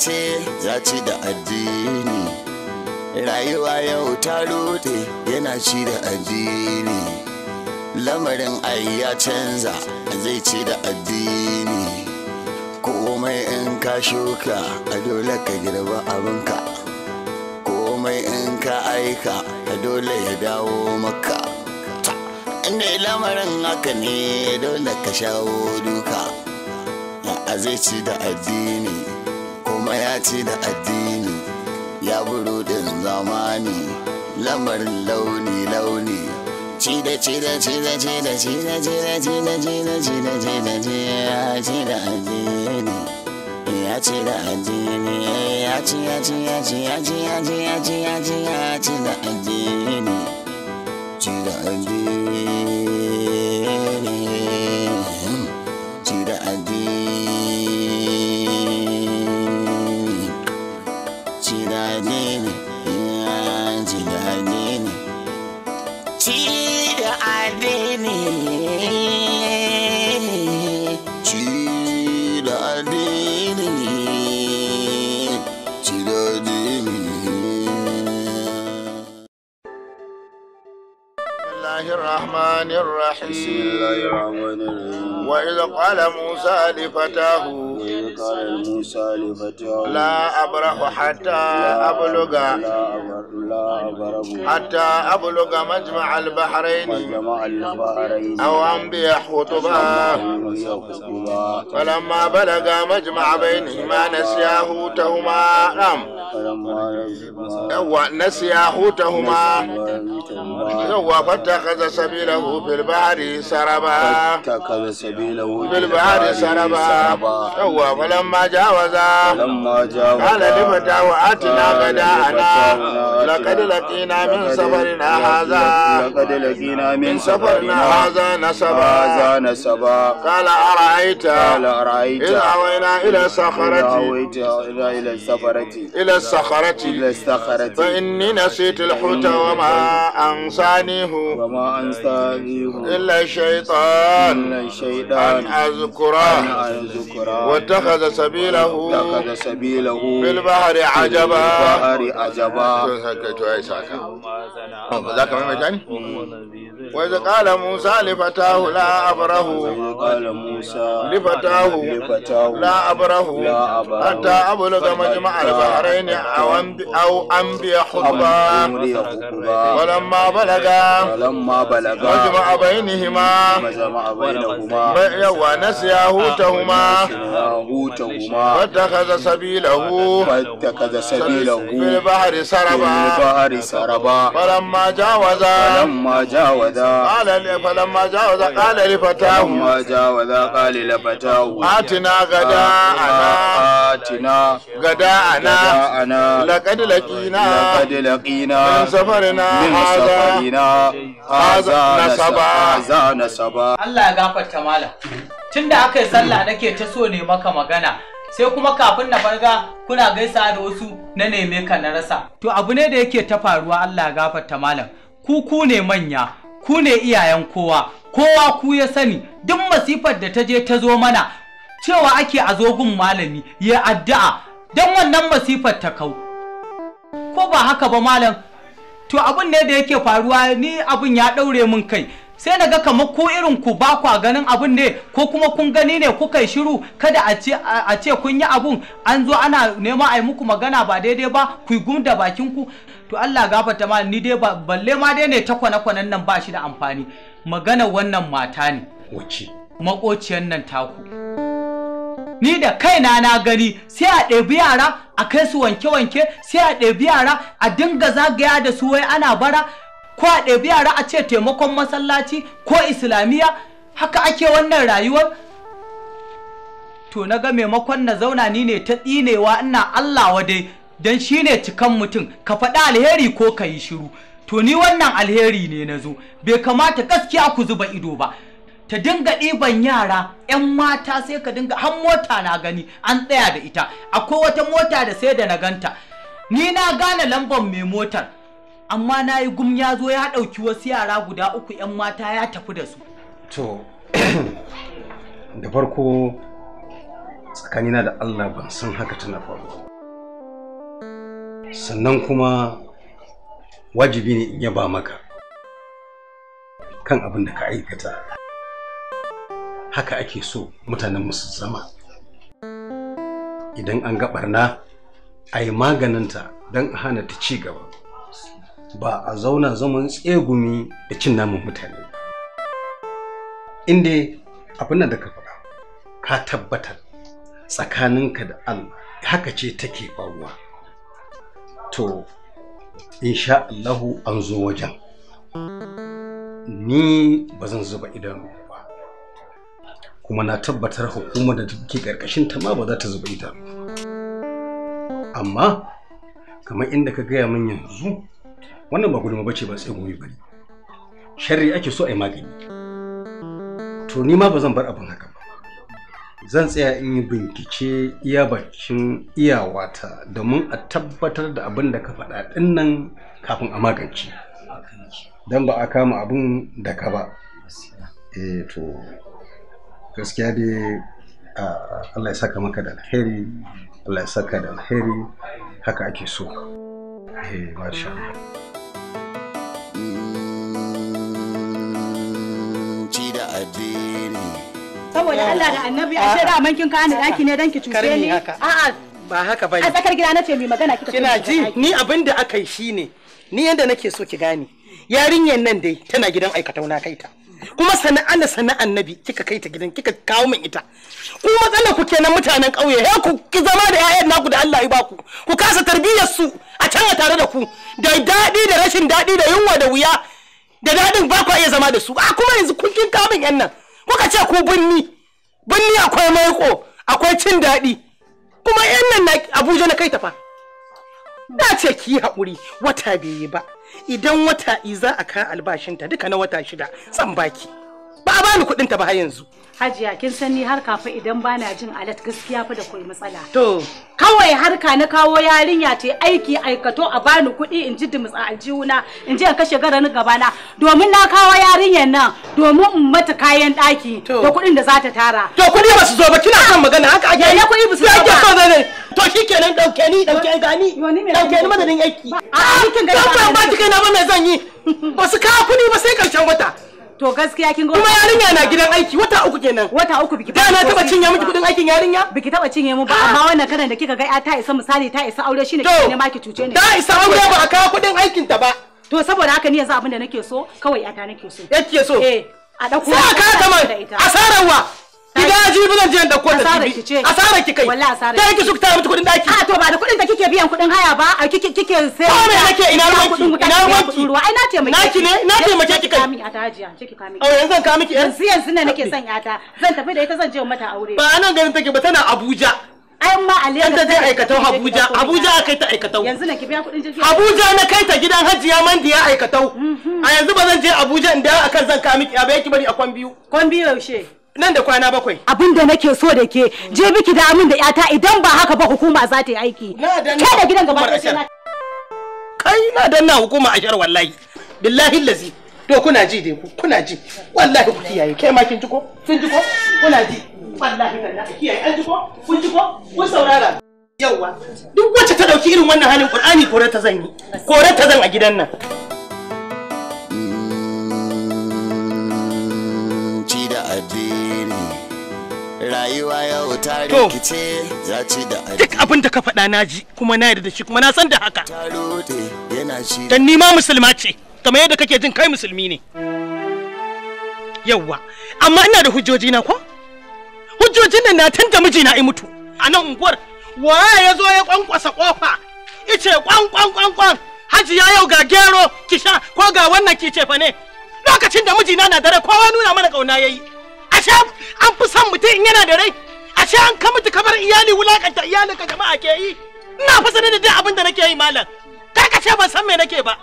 ce ya ci da addini rayuwa yau ta rude yana ci da addini lamarin ai ya canza zai ci da addini komai in ka shuka a dole ka girba abinka komai in ka aika a dole ya dawo maka inda lamarin haka ne dole ka shawo duka a zai ci da addini kuma ya ce da addini ya buru din zamani lamarin launi launi ci da ci da ci da ci da ci da ci da ci da ci da ci da ci da ci ya ce da addini ya ce da addini ya ce ya ce ya ce ya ce ya ce ya ce ya ce ya ci da addini ci da addini الله الرحمن الرحيم وإذا قال موسى لفتاه وإذا قال موسى لفتاه لا أبرح حتى أبلغ لا أبرح حتى أبلغ مجمع البحرين مجمع البحرين أو أنبي خطبا فلما بلغ مجمع بينهما نسيا حوتهما نعم نسيا حوتهما yawwa fattakaza sabilahu fil bahri saraba fattakaza sabilahu fil bahri saraba yawwa falamma jawaza falamma jawaza qala limatahu atina ana. laqad laqina min safarina hadha laqad laqina min safarina hadha nasaba hadha nasaba qala ara'aita qala ara'aita idha awayna ila sakharati ila sakharati ila sakharati ila sakharati fa inni nasitu al-huta wa ma ansa لسانه وما أنسانيه إلا الشيطان إلا الشيطان أن أذكره واتخذ سبيله اتخذ سبيله في البحر عجبا البحر عجبا ذاك ما مجاني وإذ قال موسى لفتاه لا أبره قال موسى لفتاه لا أبره حتى أبلغ مجمع البحرين أو أو أنبي حقبا ولما بلغ ولما بلغ مجمع بينهما مجمع بينهما ونسيا هوتهما هوتهما فاتخذ سبيله فاتخذ سبيله في البحر سربا في البحر سربا فلما جاوزا فلما جاوزا قال فلما جاوز قال لفتاه ما جاوز قال لفتاه آتنا غدا أنا آتنا غدا أنا أنا لقد لقينا لقد لقينا من سفرنا هذا هذا الله يغفر tunda aka yi sallah nake ta so ne maka magana sai kuma kafin na farga kuna gaisa da wasu na neme ka na rasa to abu ne da yake ta faruwa Allah ya gafarta malam kuku ne manya ku ne iyayen kowa kowa ku ya sani duk masifar da ta je ta zo mana cewa ake a zogun malami ya addu'a don wannan masifar ta kau ko ba haka ba malam to abin ne da yake faruwa ni abin ya ɗaure min kai sai na ga kamar ku irin ku ba kwa ganin abin ne ko kuma kun gani ne kuka yi shiru kada a ce kun yi abun an zo ana nema a yi muku magana ba daidai ba ku gum da bakin ku to Allah gafarta ma ni dai balle ma dai ne ta kwana-kwanan nan ba shi da amfani magana wannan mata ne wace makociyar nan taku ni da kaina na gani sai a ɗebi yara a kai su wanke-wanke sai a ɗebi yara a dinga zagaya da su wai ana bara ko a ɗebi yara a ce taimakon masallaci ko islamiyya haka ake wannan rayuwar to na ga maimakon na zauna ni ne ta tsinewa ina Allah wa dai don shi ne cikan mutum ka faɗi alheri ko ka yi shiru to ni wannan alheri ne na zo bai kamata gaskiya ku zuba ido ba ta dinga ɗiban yara 'yan mata sai ka dinga har mota na gani an tsaya da ita akwai wata mota da sai da na ganta ni na gane lambar mai motar amma na yi gum ya zo ya ɗauki wasu yara guda uku 'yan mata ya tafi da su to da farko tsakanina da allah ban san haka tana faruwa sannan kuma wajibi ne in yaba maka kan abin da ka aikata haka ake so mutanen su zama idan an ga barna a yi maganinta don hana ta ci gaba ba a zauna zaman tsegumi da cin namun mutane inda abin da ka faɗa ka tabbatar tsakaninka da Allah haka ce take faruwa. to insha Allahu an zo wajen ni ba zan zuba idan ba kuma na tabbatar hukumar da take karkashin ta ma ba za ta zuba ita. amma kamar inda ka gaya min yanzu wannan ba gudunma bace ba sai gobe bane sharri ake so a yi magani to ni ma ba zan bar abin haka zan tsaya in yi bincike iya bakin iyawata domin a tabbatar da abin da ka faɗa ɗin nan kafin a magance don ba a kama abin da ka ba eh to gaskiya dai Allah ya saka maka da alheri Allah ya saka da alheri haka ake so eh masha Allah da saboda Allah da annabi a shaida man kin kawo daki ne dan ki cuce ni a ba haka bane a tsakar gida nace mai magana kika kina ji ni abin da aka yi shine ni yanda nake so ki gane yarinyar nan dai tana gidan aikatau na kaita kuma sana'an sana'an nabi kika kaita gidan kika kawo min ita ku matsalar ku kenan mutanen kauye he ku ki zama da ƴaƴan naku da Allah ya ba ku ku kasa tarbiyyar su a can a tare da ku da daɗi da rashin daɗi da yunwa da wuya da daɗin ba ku iya zama da su a kuma yanzu kun kin kawo min yan nan kuka ce ku binni binni akwai maiko akwai cin daɗi kuma yan nan na abuja na kai ta fa da ce ki haƙuri wata bai ba idan wata i za a kan albashinta duka na wata shida san baki ba a bani kuɗin ta ba har yanzu Hajiya kin san ni har fa idan bana jin alat gaskiya fa da koi matsala. To kawai harka na kawo yarinya ta aiki aikato a bani kuɗi in ji dumus a aljihuna in je in kashe gaba gabana domin na kawo yarinyar nan domin in mata kayan ɗaki da kuɗin da za ta tara. To kuɗi ba su zo ba kina son magana haka ake yi. kuɗi ba su zo ba. To shi kenan ɗauke ni ɗauke gani ɗauke ni madadin aiki. A kin gani ba. Ba ba kai na ba zan yi. Ba su kawo kuɗi ba sai ƙarshen wata. To gaskiya kin Kuma yarinya na gidan aiki wata uku kenan. Wata uku biki. Da na taba cinye miki kudin aikin yarinya? Biki taba cinye mu ba ah. amma wannan karan da kika ga ta isa misali ta isa aure shine kike ne maki ki cuce ni. Da isa aure ba a kawo kudin aikin ta ba. To saboda haka ni yanzu abin da nake so kawai yata nake so. Yake so. Eh. A dauko. Sai ka ta mai. Asarar wa. Ina ji bazan je da kwata TV. Asara ki kai. Wallahi asara. ta ki suka miki daki. A to ba da kudin da kike biyan kuɗin haya ba, a kike kike sai. Ko me nake ina ruwanki? Ina ruwanki? ai na taimake. Naki ne? Na taimake ki kai. Kami a kami. Oh yanzu zan ka miki yar. Yanzu yanzu ne nake son yata. Zan tafi da ita zan je mata aure. Ba anan garin take ba tana Abuja. ai a Lagos ta je aikatau Abuja Abuja kai ta aikatau yanzu kuɗin jirgi Abuja na kai ta gidan Hajiya Mandiya aikatau mhm. a yanzu ba zan je Abuja in da akan zan ka miki abai ki bari a kwan biyu kwan biyu yaushe nan da kwana bakwai abin da nake so da ke je biki da amin da yata idan ba haka ba hukuma za ta yi aiki ke da gidan gaba da kai na danna hukuma shar wallahi billahi lazi to kuna ji dai ku kuna ji wallahi ku kiyaye kai ma kin ji ko kin ji ko kuna ji wallahi tallahi kiyaye an ji ko kun ji ko kun saurara yauwa duk wacce ta dauki irin wannan halin qur'ani kore ta zan yi kore ta zan a gidan nan rayuwa yau ta rikice ya ci da aji duk abin da ka faɗa na ji kuma na yarda da shi kuma na san da haka dan ni ma musulma ce kamar yadda kake jin kai musulmi ne yawwa amma ina da hujjoji na ko hujjojin nan na tanta mijina i mutu a nan unguwar waya ya zo ya kwankwasa kofa ice kwan kwan kwan kwan hajiya yau ga gero kisha, ko ga wannan ki ce fa ne lokacin da mijina na dare kowa nuna mana kauna yayi a ashe an fi son mutum in yana da rai ashe an ka mutu kamar iyali wulakanta ka jama'a ke yi ina fa sanar da duk abin da nake yi malam ka kace ban san me nake ba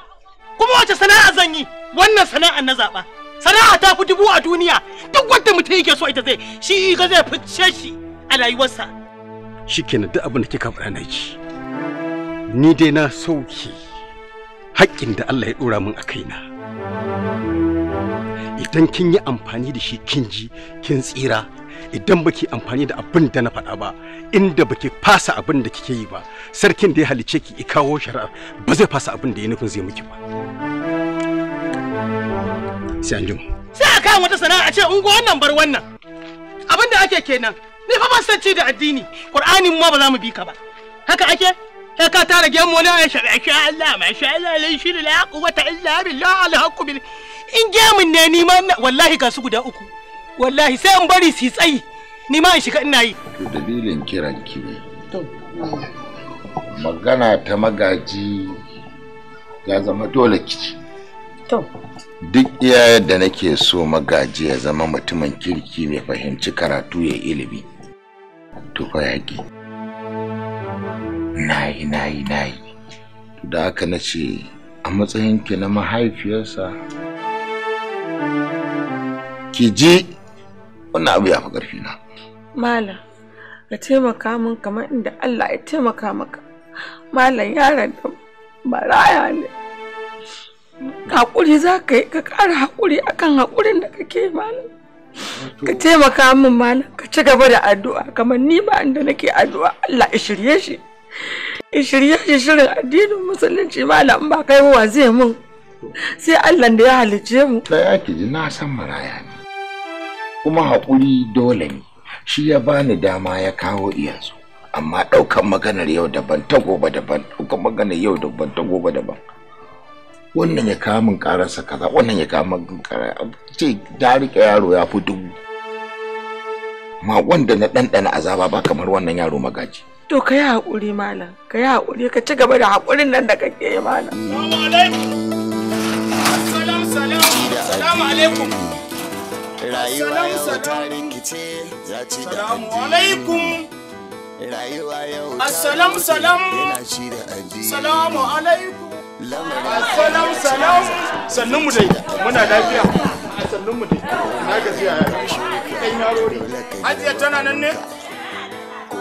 kuma wace sana'a zan yi wannan sana'a na zaba sana'a ta fi dubu a duniya duk wanda mutum yake so ita zai shi ga zai fice shi a rayuwarsa shikenan duk abin da kika faɗa na ji ni dai na sauki haƙƙin da Allah ya ɗora min a kaina idan kin yi amfani da shi kin ji kin tsira idan baki amfani da abin da na faɗa ba inda baki fasa abin da kike yi ba sarkin da ya halice ki kawo shari'ar ba zai fasa abin da ya nufin zai miki ba sai an jima sai a kawo wata sana'a a ce ungo wannan bar wannan abin da ake kenan ni fa ban san ci da addini qur'anin ma ba za mu bi ka ba haka ake sai ka tara gemu na ya shari'a sha Allah ma sha Allah la shiru la quwwata illa billah al haqqu bil in gemun ne ni ma wallahi ga su guda uku wallahi sai in bari su tsayi ni ma in shiga ina yi to dalilin kiran ki ne magana ta magaji ya zama dole ci to duk iyayen da nake so magaji ya zama mutumin kirki mai fahimci karatu ya ilimi to fa yaki nayi nayi nayi da haka nace a matsayin ki na mahaifiyarsa ki ji wannan abu ya fi ƙarfi na malam ka taimaka min kamar inda Allah ya taimaka maka malam yaron da baraya ne hakuri za ka yi ka ƙara hakuri akan hakurin da kake malam ka taimaka min malam ka ci gaba da addu'a kamar ni ma inda nake addu'a Allah ya shirye shi ya shirye shi shirin addinin musulunci malam ba kai wa zai mun sai Allah da ya halice mu da ya ji na san maraya ne kuma haƙuri dole ne shi ya bani dama ya kawo iyansu amma ɗaukan maganar yau daban ta gobe daban ɗaukan maganar yau daban ta gobe daban wannan ya kawo min ƙararsa kaza wannan ya kawo min karar ce da rike yaro ya fi dubu ma wanda na ɗanɗana azaba ba kamar wannan yaro magaji to ka yi haƙuri malam ka yi haƙuri ka ci gaba da haƙurin nan da kake yi malam salam salamu alaikum rayuwa yau ta rikice za ci da salamu alaikum rayuwa yau assalam salam salamu alaikum assalam salam sannan mu dai muna lafiya sannan mu dai na gajiya ya yi ɗan yaro hajiya tana nan ne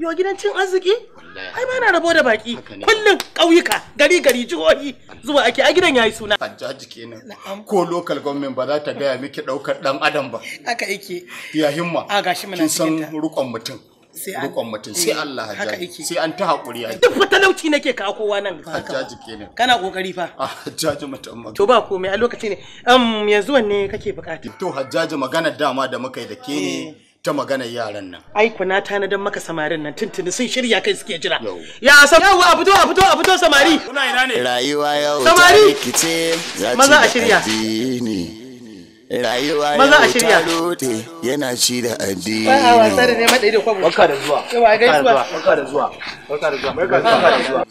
yo gidan cin arziki ai ba na rabo da baki kullum ƙauyuka gari gari jihohi zuwa ake a gidan yayi suna hajjaji kenan ko local government ba za ta gaya miki ɗaukar ɗan adam ba haka yake ya himma a gashi muna cikin san rukon mutum rukon mutum sai eh, Allah hajjaji sai an ta haƙuri yayi duk lauci nake kawo kowa nan hajjaji kenan kana kokari fa ah, hajjaji mutum to ba komai a lokaci ne um yanzu wanne kake bukata to hajjaji magana dama da muka yi da ke ne eh. ta maganar yaran nan. Ai kuna tanadan maka samarin nan tuntuni sun shirya kai suke jira. Ya sam yau a fito a fito a fito samari. Kuna ina ne? Rayuwa yau samari maza a shirya. Rayuwa maza a shirya. Yana ci da addini. Ba a wasa da neman ɗaya da kwabo. Barka da zuwa. Yawa gaisuwa. Barka da zuwa. Barka da zuwa. Barka da zuwa.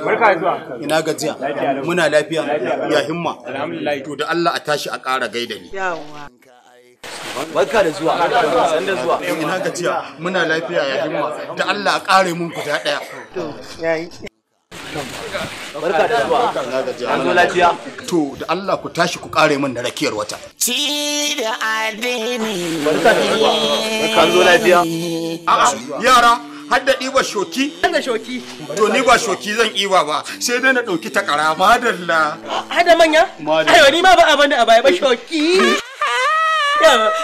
Barka da zuwa. Ina gajiya. Muna lafiya. Ya himma. Alhamdulillah. To da Allah a tashi a ƙara gaida ni. Yawa. barka da zuwa Sanda da zuwa ina gajiya muna lafiya ya himma da Allah kare mun guda daya barka da zuwa an zo lafiya to da Allah ku tashi ku kare mun da rakiyar wata ci da adini barka da zuwa barka zo lafiya yara Hadda ɗiba shoki? Hadda shoki. To ni ba shoki zan ɗiba ba sai dai na ɗauki takara madalla. Hadda manya? Madalla. Ayo ni ma ba abin da a baya ba shoki.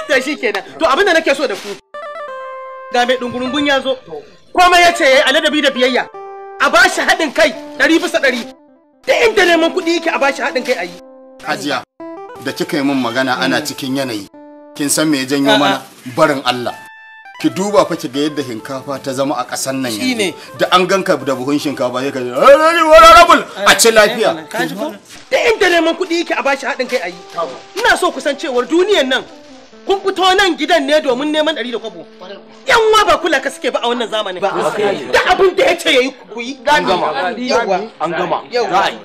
to shi kenan to abin da nake so da ku ga mai dungurungun ya zo komai ya ce ya yi aladabi da biyayya a ba shi haɗin kai ɗari bisa ɗari da inda neman kuɗi yake a ba shi haɗin kai a yi. hajiya da kika yi min magana ana mm. cikin yanayi kin san me ya janyo mana barin Allah ki duba fa ki ga yadda hinkafa ta zama a ƙasar nan yanzu da an ganka da buhun shinkafa sai ka ji rabul a ci lafiya da inda neman kuɗi yake a bashi haɗin kai a yi ina so kusan cewar duniyan nan kun fito nan gidan ne domin neman ɗari da kwabo wa ba kula ka suke ba a wannan zamanin da abin da ya ce ya yi ku yi an gama an gama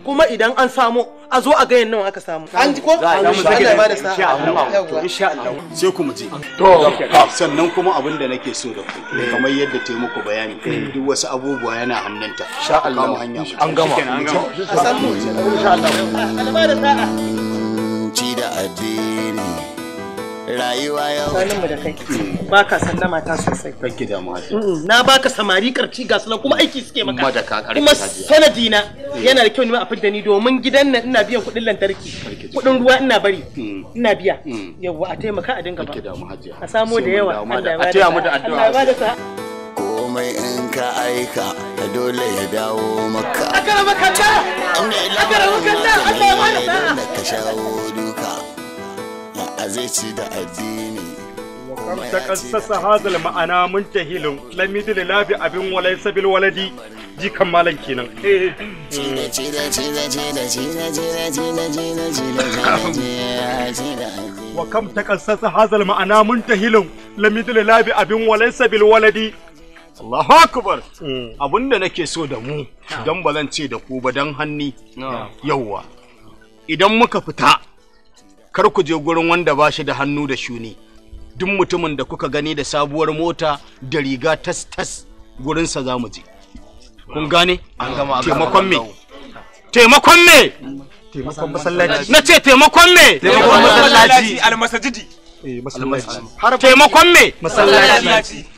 kuma idan an samu a zo a gayan nawa aka samu an ji ko Allah ba da sa'a insha Allah sai ku muje to sannan kuma abin da nake so da ku kamar yadda ta muku bayani duk wasu abubuwa yana hannunta insha Allah hanya an gama an gama a san insha Allah Allah ba da sa'a ci da addini rayuwa yau sanin mu da kai ba ka sallama ta sosai kanki da mu na baka samari karci ga sunan kuma aiki suke maka kuma da ka karfi Kuma sanadina eh. yana da kyau ne a fidda ni domin gidan nan ina biyan kuɗin lantarki kuɗin ruwa ina bari mm. ina biya mm. yawa a taimaka a dinga ba da mu a samo da yawa a taya mu da addu'a Allah ya bada sa. komai in ka aika ta dole ya dawo maka akara makalla akara makalla Allah ya bada sa. ka shawo duka Allah zai ci da addini وكم تقصص هذا المعنى منتهل da labi abin walai sabil waladi ji kan malan kenan Wakamta kam takassasa hazal ma'ana muntahilun lam yadla da labi abin walai sabil waladi Allahu akbar abinda nake so da mu dan ba zan ce da ku ba dan hanni yawwa idan muka fita kar ku je gurin wanda ba shi da hannu da shuni duk mutumin da kuka gani da sabuwar mota da riga tas tas gurinsa za mu je kun gane taimakon me taimakon me taimakon masallaci na ce taimakon me taimakon masallaci almasajidi eh, taimakon me masallaci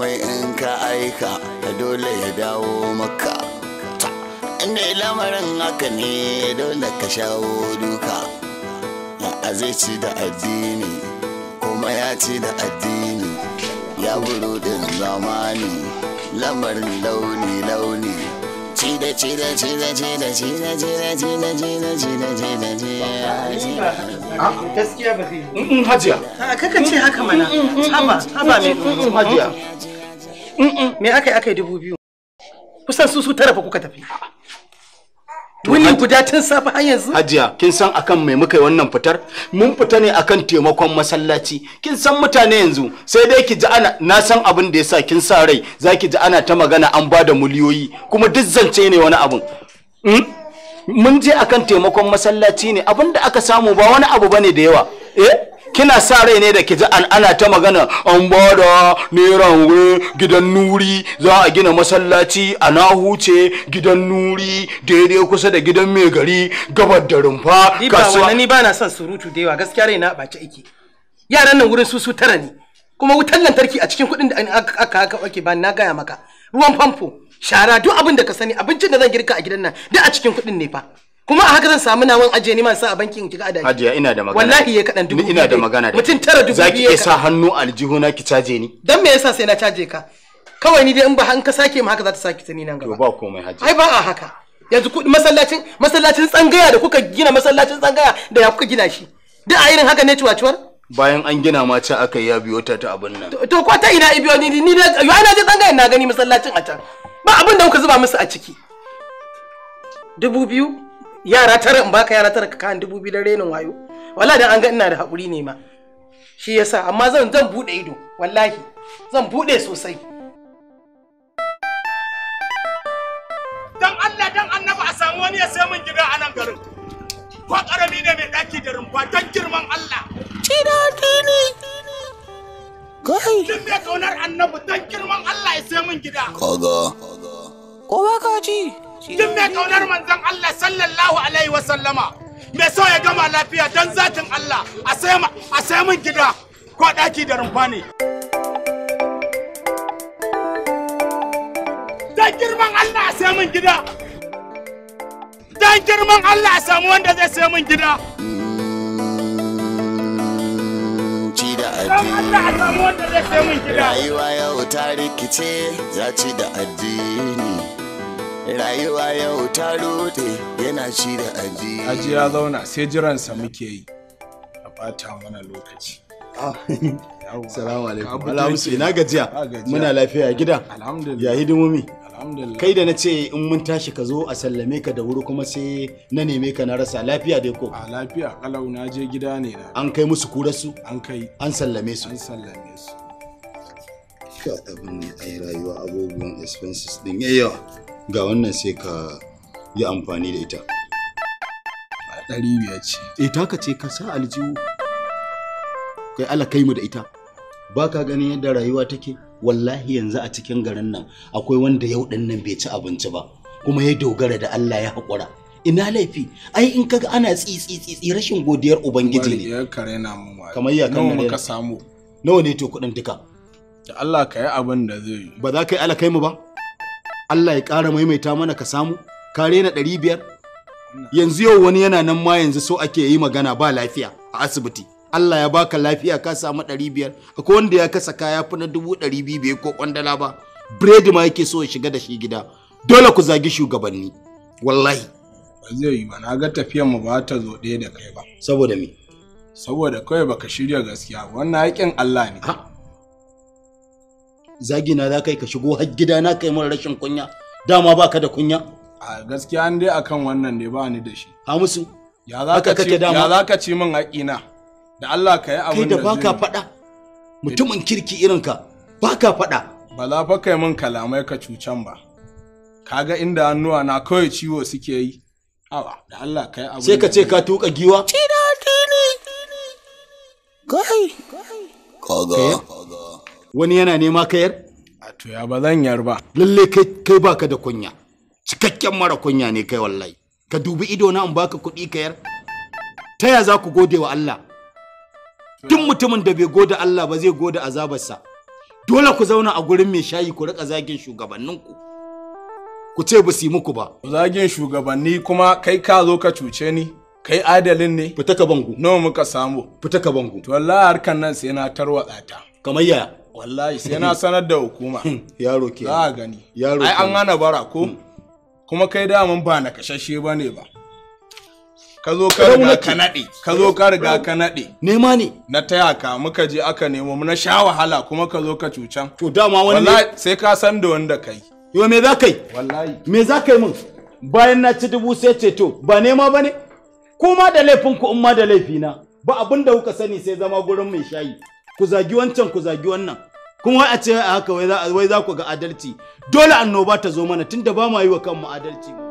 komai in ka aika da dole ya dawo maka inda lamarin haka ne dole ka shawo duka a zai ci da addini kuma ya ci da addini ya din zamani lamarin launi-launi Chile, Chile, Chile, Chile, Chile, Chile, Chile, Chile, Chile, Chile, Chile. Gaskiya ba zai. Hajiya. Kakan ce haka mana. Haba, haba mai Hajiya. Me aka yi aka yi dubu biyu? Kusan su su tara fa kuka tafi. Wuni guda tun safe har yanzu? Hajiya, kin san akan mai muka yi wannan fitar? Mun fita ne akan taimakon masallaci. Kin san mutane yanzu sai dai ki ji ana na san abin da yasa kin sa rai, za ki ji ana ta magana an ba da miliyoyi, kuma duk zance ne wani abin. Hmm? mun je akan taimakon masallaci ne abinda aka samu ba wani abu bane da yawa eh kina sa rai ne da ki ji ana ta magana an bada neran gidan nuri za a gina masallaci a na huce gidan nuri daidai kusa da gidan mai gari gabar da rumfa kasuwa ni ba na son surutu da yawa gaskiya rai ba ta ike yaran nan wurin su su tara ne kuma wutar lantarki a cikin kuɗin da aka aka ake ba na gaya maka ruwan famfo shara duk abin da ka sani abincin da zan girka a gidan nan duk a cikin kuɗin ne fa kuma a haka zan samu nawan ajiye ni sa a bankin kika adaki hajiya ina da magana wallahi ya kadan dubu ina da magana mutum tara dubu zaki iya sa hannu aljihu na ki caje ni dan me yasa sai na caje ka kawai ni dai in ba an ka sake mu haka za ta sake tani nan gaba to ba komai haji ai ba a haka yanzu masallacin masallacin tsangaya da kuka gina masallacin tsangaya da ya kuka gina shi duk a irin haka ne ciwaciwar bayan an gina ma can aka ya biyo ta ta abin nan to ko ta ina ibiyo ni ni na na je tsangayen na gani masallacin a can ba abin da kuka zuba musu a ciki dubu biyu yara tara in baka yara tara ka kan dubu biyu da renin wayo wallahi dan an ga ina da haƙuri ne ma shi yasa amma zan zan bude ido wallahi zan bude sosai dan Allah dan annabi a samu wani ya sai min gida a nan garin ko karami ne mai daki da rumfa don girman Allah kina dini kai kin mai kaunar annabu don girman Allah ya sai min gida kaga ko ba ka ji kin mai kaunar manzon Allah sallallahu alaihi wa sallama me so ya gama lafiya don zatin Allah a sai a sai min gida ko daki da rumfa ne don girman Allah a sai min gida Dan girman Allah a samu wanda zai sai min gida. Ci da addini. Rayuwa yau ta rikice ya ci da addini. Rayuwa yau ta rute yana ci da addini. Aji ya zauna sai jiransa muke yi. A bata mana lokaci. Ah, salamu alaikum. Alhamsu ina gajiya. Muna lafiya gida. Alhamdulillah. Ya hidimomi. kai da na ce in mun tashi ka zo a sallame ka da wuri kuma sai na neme ka na rasa lafiya dai ko a lafiya kalau na je gida ne na an kai musu kura su an kai an sallame su an sallame su ka abin ai rayuwa abubuwan expenses din yawa ga wannan sai ka yi amfani da ita a ɗari biyar ce eh ka ce ka sa aljihu kai ala kai mu da ita ba ka ganin yadda rayuwa take wallahi yanzu a cikin garin nan akwai wanda yau ɗin nan bai ci abinci ba kuma ya dogara da Allah ya haƙura ina laifi ai in kaga ana tsitsi tsitsi rashin godiyar ubangiji ne kamar ya kan muka samu nawa ne to kuɗin duka da Allah ka yi abin da zai ba za ka yi alakai mu ba Allah ya ƙara maimaita mana ka samu ka rena ɗari biyar yanzu yau wani yana nan ma yanzu so ake yi magana ba lafiya a asibiti Allah ya baka lafiya ka samu ɗari biyar akwai wanda ya kasa kaya fi na dubu ɗari biyu bai ko kwandala ba biredi ma yake so ya shiga da shi gida dole ku zagi shugabanni wallahi ba zai yi ba na ga tafiyar mu ba ta zo ɗaya da kai ba saboda me saboda kawai baka shirya gaskiya wannan haƙƙin Allah ne zagi na za kai ka shigo har gida na kai mun rashin kunya dama baka da kunya a gaskiya an dai akan wannan ne ba ni da shi ha musu ya za ka ci min haƙƙina da Allah ka yi abin da ba ka faɗa mutumin kirki irin ka ka faɗa ba za fa kai min kalamai ka cucan ba kaga inda hannuwa na kawai ciwo suke yi awa da Allah ka yi abin sai ka ce ka tuka giwa tina tini kai kaga wani yana nema kayar a to ya ba zan yar ba lalle kai kai baka da kunya cikakken mara kunya ne kai wallahi ka dubi ido na in baka kuɗi kayar ta ya za ku gode wa Allah duk mutumin da bai gode Allah ba zai gode azabarsa dole ku zauna a gurin mai shayi ku rika zagin shugabanninku ku ce ba su yi muku ba zagin shugabanni kuma kai ka zo ka cuce ni kai adalin ne fita ka bangu nawa muka samu fita ka bangu to wallahi harkan nan sai na tarwatsa ta kamar yaya wallahi sai na sanar da hukuma yaro ke za a gani yaro ai an hana bara ko hmm. kuma kai mun ba na kashashe bane ba ka zo ka riga ka naɗe ka zo ka riga ka naɗe nema ne na taya ka muka je aka nemo mu na sha wahala kuma ka zo ka cucan to dama wani wallahi sai ka san da wanda kai yo me za kai wallahi me za kai min bayan na ci dubu sai ce to ba nema ba ne kuma da laifin ku in ma da laifina ba abin da kuka sani sai zama gurin mai shayi ku zagi wancan ku zagi wannan kuma wai a ce a haka wai za ku ga adalci dole annoba ta zo mana tunda ba ma yi wa kanmu adalci ba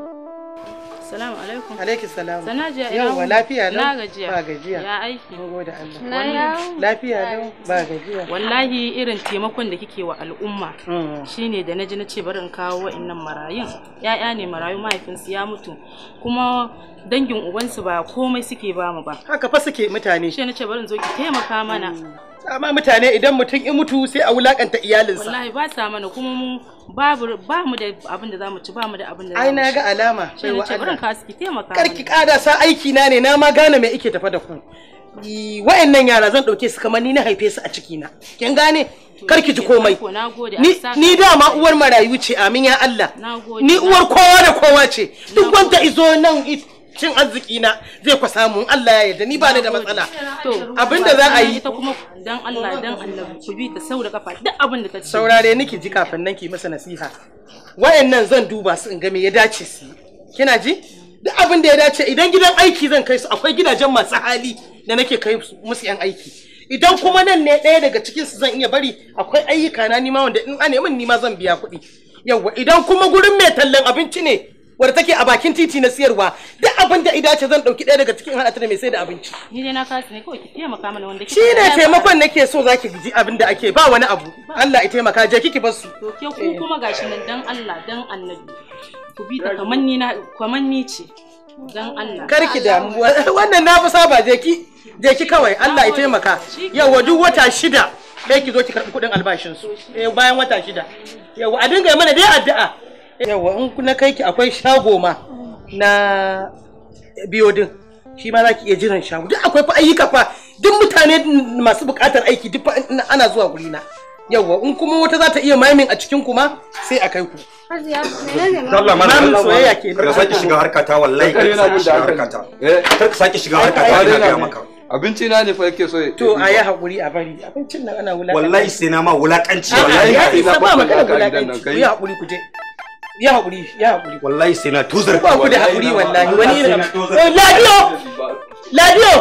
Salamu alaikum. Alaiki salamu. Sanajiya ina Yawwa lafiya lau. Na gajiya. Ba gajiya. Ya aiki. Mun gode Allah. Na yawo. Lafiya lau ba gajiya. Wallahi irin taimakon da kike wa al'umma mm. shi ne da naji na ce barin kawo wa'annan marayun. Ya'ya ne marayu mahaifinsu ya mutu. Kuma dangin ubansu ba komai suke ba mu ba. Haka fa suke mutane. Shi na ce barin zo ki taimaka mana. Mm. Amma mutane idan mutum in mutu sai a wulakanta iyalinsa. Wallahi ba sa mana kuma mu babu ba mu da abin da za mu ci ba mu da abin da ai na ga alama sai wa Allah ka suke taimaka karki kada sa aiki na ne na ma gane me ike tafa da ku wa'annan yara zan dauke su kamar ni na haife su a ciki na kin gane karki ji komai ni dama uwar marayu ce amin ya Allah ni uwar kowa da kowa ce duk wanda izo nan cin arziki na zai kwa samu Allah ya yarda ni ba ni da matsala to abinda za a yi ta kuma dan Allah dan Allah ku bi ta saura kafa duk abin da ta ce saurare niki ji kafin nan ki masa nasiha wayannan zan duba su in ga me ya dace su kina ji duk abin da ya dace idan gidan aiki zan kai su akwai gidajen masu hali da nake kai musu yan aiki idan kuma nan ne ɗaya daga cikin su zan iya bari akwai ayyuka na nima wanda in an min nima zan biya kuɗi yawwa idan kuma gurin mai tallan abinci ne wadda take a bakin titi na siyarwa duk abin da idace zan dauki ɗaya daga cikin hada ta mai sai da abinci ni dai na kasu ne kawai ki taimaka mana wanda kike ne taimakon nake so zaki ji abin da ake ba wani abu Allah ya taimaka je kiki bar su to ke ku eh. kuma gashi nan dan Allah dan Annabi ku bi ta kaman ni na kaman ni ce dan Allah kar ki damu wannan na fi saba je ki je ki kawai Allah ya taimaka yawa duk wata shida sai ki zo ki karbi kuɗin albashin su eh, bayan wata shida yawa a dinga mana dai addu'a yawa in na kai ki akwai shago ma na biyodin shi ma za ki iya jiran shago duk akwai fa ayyuka fa duk mutane masu buƙatar aiki duk ana zuwa guri na yawa in kuma wata za ta iya maimin a cikin ma sai a kai ku Allah mana soyayya ke ka saki shiga harkata wallahi eh, ka saki shiga harkata ka saki shiga harkata ina ga maka abinci na ne fa yake so to a yi hakuri a bari abincin nan ana wulakanci wallahi sai na ma wulakanci wallahi sai na ba wulakanci yi hakuri ku je ya haƙuri ya haƙuri wallahi sai na tuzar ba ku da haƙuri wallahi wani ne ladiyo ladiyo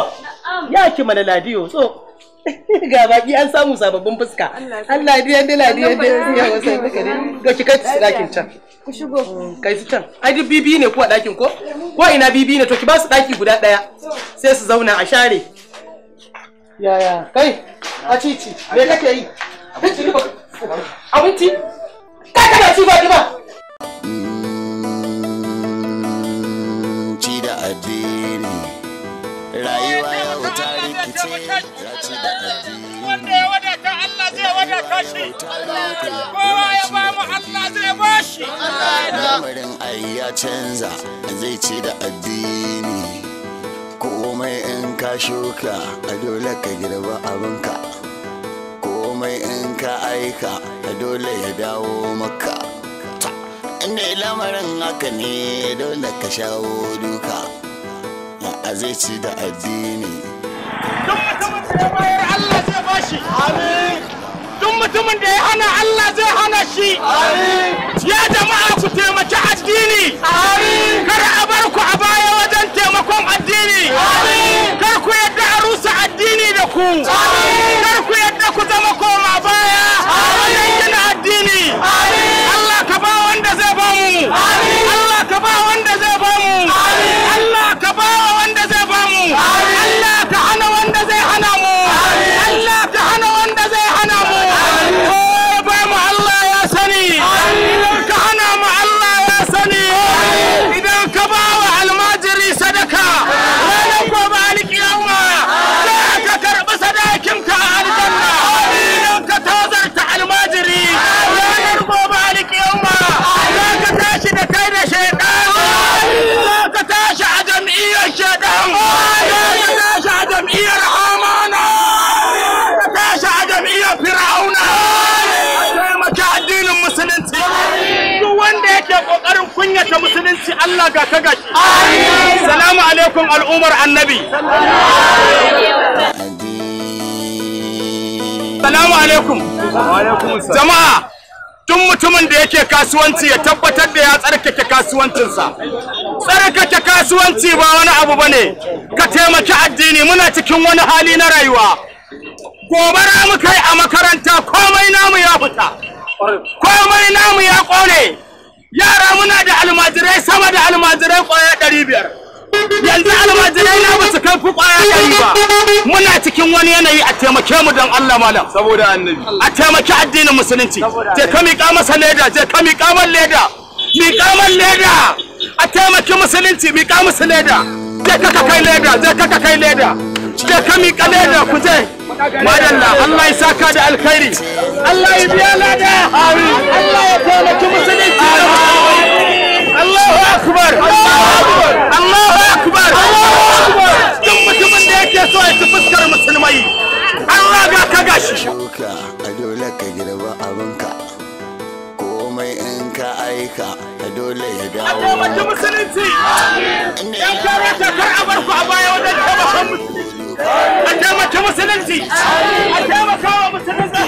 ya ki mana ladiyo so ga baki an samu sababbin fuska Allah diyan da ladiyan da ya wasa duka ne to ki kai dakin can ku shigo kai su can ai duk bibi ne ko a dakin ko ko ina bibi ne to ki ba su daki guda daya sai su zauna a share yaya kai a titi me kake yi abinci abinci kai da ci ba ki ba ci da addini rayuwa yau ta rikice ya ci da addini wanda ya wadata Allah zai wadata shi kowa ya ba mu Allah zai ba shi lamarin ai ya canza zai ci da addini komai in ka shuka a dole ka girba abinka komai in ka aika a dole ya dawo maka inda lamarin haka ne dole ka shawo duka a azaici da addini duk mutumin da ya bayar Allah zai ba shi. mutumin ya hana Allah zai hana shi ya jama'a ku taimaki addini kar a bar ku a baya wajen taimakon addini kar ku yadda a rusa addini da ku kar ku yadda ku zama koma ba Amém! kokarin kunyata musulunci Allah ga ka gashi salamu alaikum al'umar annabi salamu alaikum jama'a tun mutumin da yake kasuwanci ya tabbatar da ya tsarkake kasuwancinsa tsarkake kasuwanci ba wani abu ba ne. ka taimaki addini muna cikin wani hali na rayuwa gobara mu kai a makaranta komai namu ya fita komai namu ya kone yara muna da almajirai sama da almajirai kwaya ɗari biyar yanzu almajirai na basu kai fi kwaya ɗari ba muna cikin wani yanayi a taimake mu don Allah malam saboda annabi a taimaki addinin musulunci je ka miƙa masa leda je ka miƙa man leda miƙa man leda a taimaki musulunci miƙa musu leda je ka kai leda je ka kai leda je ka miƙa leda ku je madalla Allah ya saka da alkhairi Allah ya biya lada Allah ya taimaki musulunci Allahu akbar Allahu akbar Allahu akbar duk mutumin da yake so ya ci fuskar musulmai Allah ga ka gashi shuka a dole ka girba abinka komai in ka aika a dole ya dawo a taimaki musulunci yan karanta kar a barku a baya wajen taimakon musulunci a taimaka musulunci a taimaka wa musulunci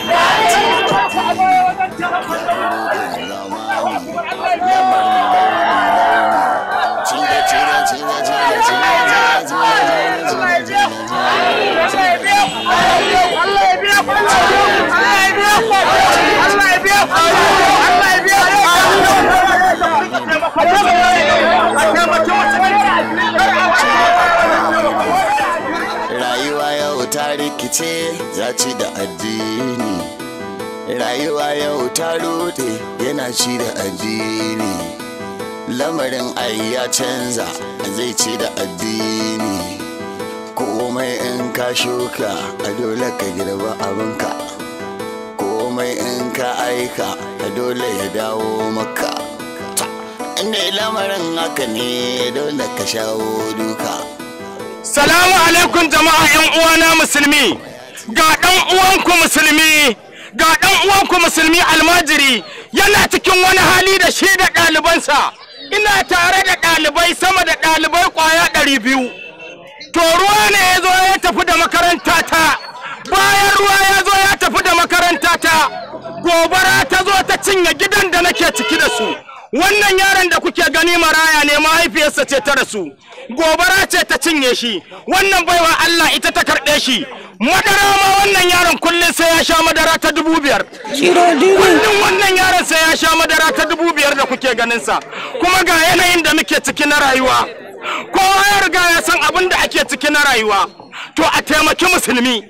Thank you. ce ya ci da addini rayuwa yau ta rute yana ci da addini lamarin ai ya canza zai ci da addini komai in ka shuka a dole ka girba abinka komai in ka aika a dole ya dawo maka ne lamarin haka ne dole ka shawo duka salamu alaikum jama'a yan uwana musulmi ga ɗan uwanku musulmi ga ɗan uwanku musulmi almajiri yana cikin wani hali da shi da ɗalibansa ina tare da ɗalibai sama da ɗalibai ƙwaya ɗari biyu to ruwa ne ya zo ya tafi da makaranta ta bayan ruwa ya zo ya tafi da makaranta ta gobara ta zo ta cinye gidan da nake ciki da su wannan yaron da kuke gani maraya ne mahaifiyarsa ce ta rasu gobara ce ta cinye shi wannan baiwa Allah ita ta karɓe shi madara ma wannan yaron kullum sai ya sha madara ta dubu biyar kullum wannan yaron sai ya sha madara ta dubu biyar da kuke ganinsa kuma ga yanayin da muke ciki na rayuwa kowa ya riga ya san abin da ake ciki na rayuwa to a taimaki musulmi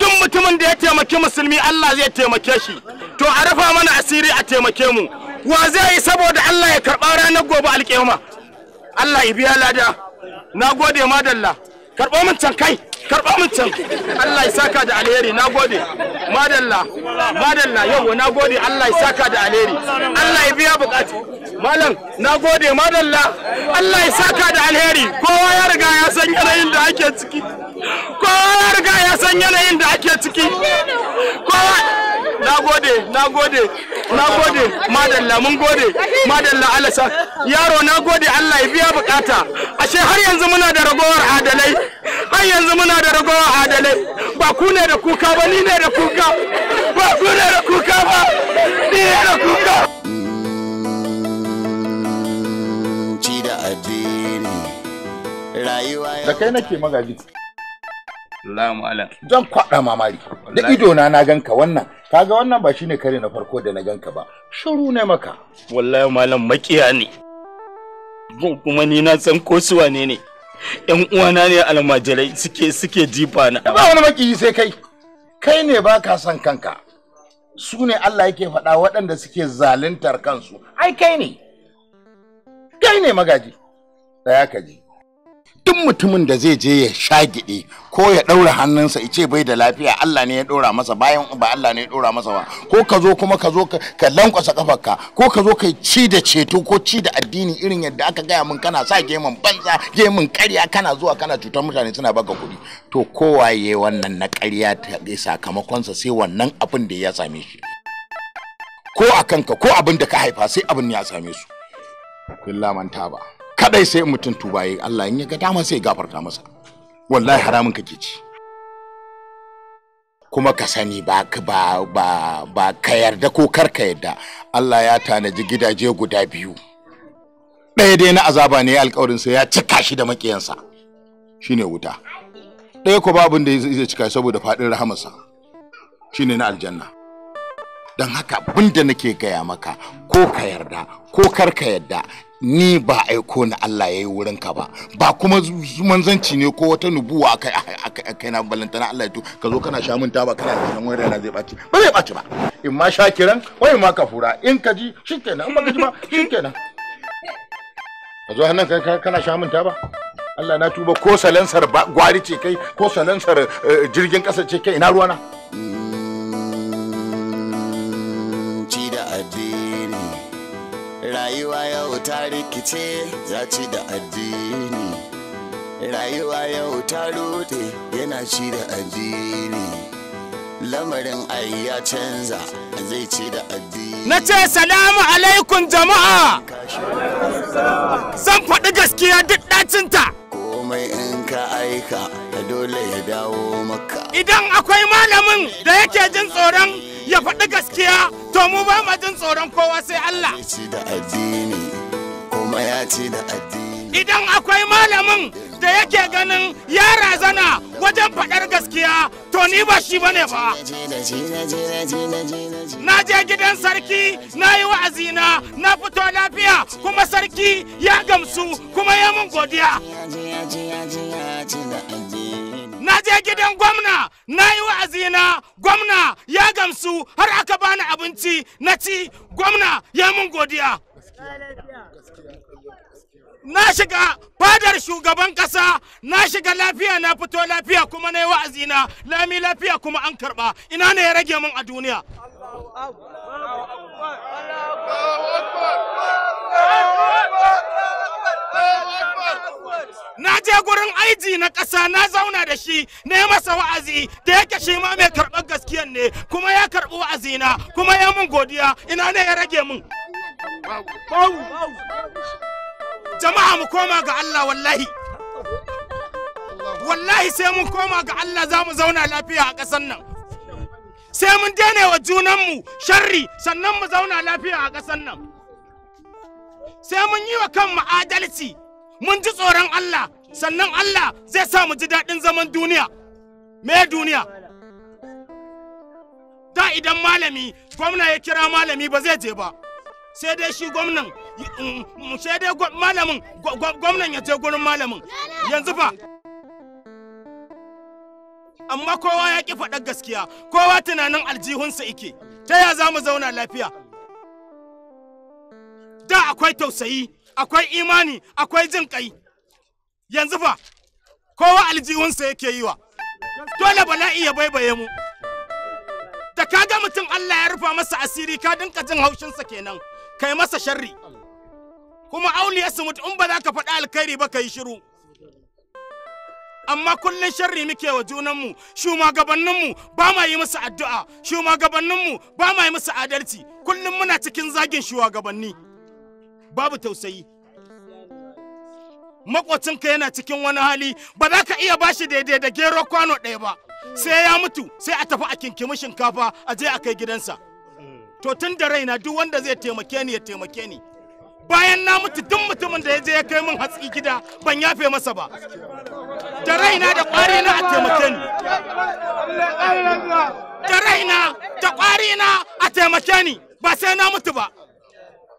duk mutumin da ya taimaki musulmi Allah zai taimake shi to a rufa mana asiri a taimake mu wa zai yi saboda Allah ya karɓa ranar gobe alƙiyama Allah ya biya lada na gode madalla karɓo min can kai karɓo min can Allah ya saka da alheri na gode madalla madalla yau na gode Allah ya saka da alheri Allah ya biya bukatu malam na gode madalla Allah ya saka da alheri kowa ya riga ya san yanayin da ake ciki kowa ya riga ya san yanayin da ake ciki kowa na gode na gode na gode madalla mun gode madalla alasa yaro na gode Allah ya biya bukata ashe har yanzu muna da ragowar adalai har yanzu muna da ragowar adalai ba ku ne da kuka ba ni ne da kuka ba ku ne da kuka ba ni ne da kuka ci da addini rayuwa da kai nake magaji Allahu alam. Zan kwaɗa mamari. Da na na ganka wannan kaga wannan ba shine kare na farko da na ganka ba shiru ne maka wallahi malam makiya ne kuma ni na san ko su wane ne yan uwana ne almajirai suke suke jifa na ba wani makiyi sai kai kai ne ba ka san kanka su ne Allah yake faɗa waɗanda suke zaluntar kansu ai kai ne kai ne magaji daya ka ji duk mutumin da zai je ya sha gidi, ko ya ɗaura hannunsa ice bai da lafiya Allah ne ya ɗora masa bayan ba Allah ne ya ɗora masa ba ko ka zo kuma ka zo ka lankwasa kafarka ko ka zo ka ci da ceto ko ci da addini irin yadda aka gaya mun, kana sa gemun banza gemun ƙarya kana zuwa kana cutar mutane suna baka kuɗi to kowaye wannan na karya ta sakamakonsa sai wannan abin da ya same shi ko a kanka ko abin da ka haifa sai abin ya same su kullaman ta ba kadai sai mutum tuba yi Allah in ya ga dama sai gafarta masa wallahi haramun kake ci kuma ka sani ba ba ba ka yarda ko kar ka yarda Allah ya tanaji gidaje guda biyu ɗaya dai na azaba ne alƙawarin sa ya cika shi da makiyansa shine wuta ɗaya ko babun da zai cika saboda faɗin rahamarsa shine na aljanna don haka abin da nake gaya maka ko ka yarda ko kar ka yarda ni ba aiko na Allah ya yi wurinka ba ba kuma manzanci ne ko wata nubuwa a kai na balantana Allah ya to ka zo kana sha min taba kana da wani rana zai ɓaci ba zai ɓaci ba in ma sha kiran wai ma ka fura in ka ji shikenan in ba ka ji ba shikenan ka zo hannun kai kana sha min taba Allah na tuba ko salansar gwari ce kai ko salansar eh, jirgin ƙasa ce kai ina ruwana. na rayuwa yau ta rikice ci da addini rayuwa yau ta rute yana ci da addini lamarin ai ya canza zai ci da addini na ce salamu alaikum jama'a zan faɗi gaskiya duk ɗacinta komai in ka aika dole ya dawo maka akwai malamin da yake jin tsoron ya faɗi gaskiya to mu ba ma jin tsoron kowa sai Allah idan akwai malamin da yake ganin ya razana wajen faɗar gaskiya to ni ba shi bane ba na je gidan sarki na yi wa'azina na fito lafiya kuma sarki ya gamsu kuma ya mun godiya na je gidan gwamna na yi wa'azi na gwamna ya gamsu har aka bani abinci na ci gwamna ya mun godiya na shiga fadar shugaban kasa na shiga lafiya na fito lafiya kuma na yi wa'azi na lami lafiya kuma an karba ina ne ya rage min a duniya na je gurin aiji na ƙasa na zauna da shi ne masa wa'azi da yake shi ma mai karɓar gaskiya ne kuma ya karɓi wa'azina kuma ya mun godiya ina ne ya rage mun jama'a mu koma ga Allah wallahi wallahi sai mun koma ga Allah za mu zauna lafiya a ƙasar nan sai mun daina wa junanmu sharri sannan mu zauna lafiya a ƙasar nan sai mun yi wa kanmu adalci mun ji tsoron Allah sannan Allah zai sa mu ji daɗin zaman duniya me duniya da idan malami gwamna ya kira malami ba zai je ba sai dai shi gwamnan mm, mm, sai dai malamin gwamnan ya je gurin malamin yanzu fa amma kowa ya ƙi faɗar gaskiya kowa tunanin aljihunsa ike ta ya za mu zauna lafiya da akwai tausayi akwai imani akwai jin kai yanzu fa kowa aljihunsa yake yi wa dole bala'i ya baibaye mu da ka ga mutum Allah ya rufa masa asiri ka dinka jin haushinsa kenan kai masa sharri kuma auli ya sumut in ba za ka faɗi alkhairi ba ka yi shiru amma kullum sharri muke wa junan junanmu shugabanninmu ba ma yi musu addu'a shugabanninmu ba ma yi musu adalci kullum muna cikin zagin shugabanni babu tausayi makwacinka yana cikin wani hali ba za ka iya bashi daidai da gero kwano ɗaya ba sai ya mutu sai a tafi a kinkimi shinkafa a je a kai gidansa to tun da raina duk wanda zai taimake ni ya taimake ni bayan na mutu duk mutumin da ya je ya kai min hatsi gida ban yafe masa ba da raina da ƙwari na a taimake ni da raina da ƙwari na a taimake ni ba sai na mutu ba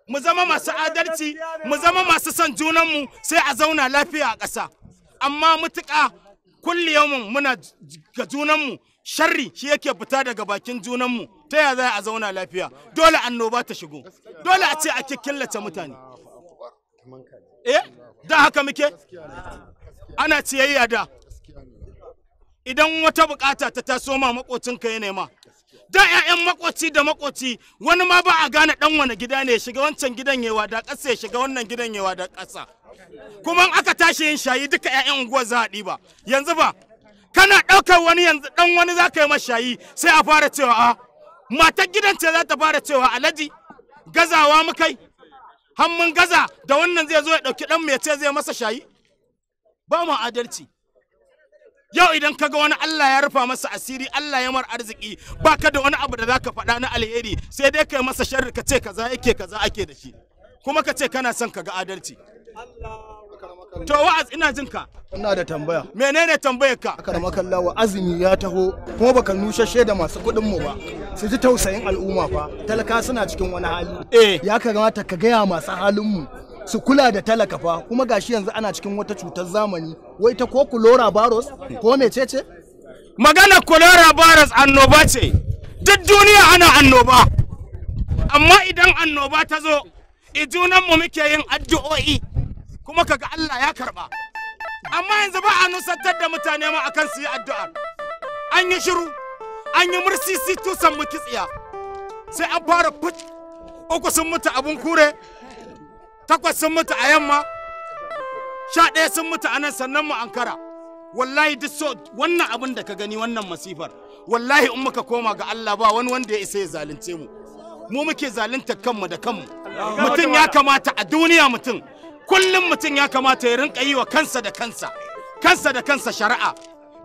mu zama masu adalci mu zama masu son junanmu sai a zauna lafiya a ƙasa amma mutuƙa kulli muna ga junanmu sharri shi yake fita daga bakin junanmu ta ya za a zauna lafiya dole annoba ta shigo dole a ce a killace mutane eh da haka muke ana ciyayya da idan wata bukata ta taso ma makocinka ya nema da 'ya'yan makoci da makoci wani ma ba a gane dan wani gida ne shiga wancan gidan yawa da ƙasa ya shiga wannan gidan yawa da ƙasa kuma aka tashi yin shayi duka 'ya'yan unguwar za a ba yanzu ba kana ɗaukar wani yanzu dan wani za ka yi shayi sai a fara cewa a ah, matar gidan ce za ta fara cewa alhaji gazawa mu kai har mun gaza da wannan zai zo ya ɗauki ɗan mai zai masa shayi ba mu adalci yau idan kaga wani Allah ya rufa masa asiri Allah ya mar arziki baka da wani abu da zaka faɗa na alheri sai dai kai masa sharri ka ce kaza yake kaza ake da shi kuma ka ce kana son kaga adalci to wa'az ina jin ka ina da tambaya menene tambayar ka akarmakalla wa azumi ya taho kuma baka nushashe da masu kuɗin mu ba su ji tausayin al'umma fa talaka suna cikin wani hali eh ya kamata ka gaya masu halin mu su kula da talaka fa kuma gashi yanzu ana cikin wata cutar zamani wai ta ko kulora baros ko mecece magana kulora baros annoba ce duk duniya ana annoba amma idan annoba ta zo mu muke yin addu'o'i kuma kaga Allah ya karba amma yanzu ba a nusantar da mutane ma akan su yi addu'a an yi shiru an yi mursisi tusan mu kitsiya sai an fara fut uku sun mutu abun kure takwas sun mutu a yamma sha ɗaya sun mutu a nan sannan mu ankara wallahi duk so wannan abin da ka gani wannan masifar wallahi in muka koma ga Allah ba wani wanda ya isa ya zalunce mu mu muke zalunta kanmu da kanmu mutum ya kamata a duniya mutum kullum mutum ya kamata ya rinka yi wa kansa da kansa kansa da kansa shari'a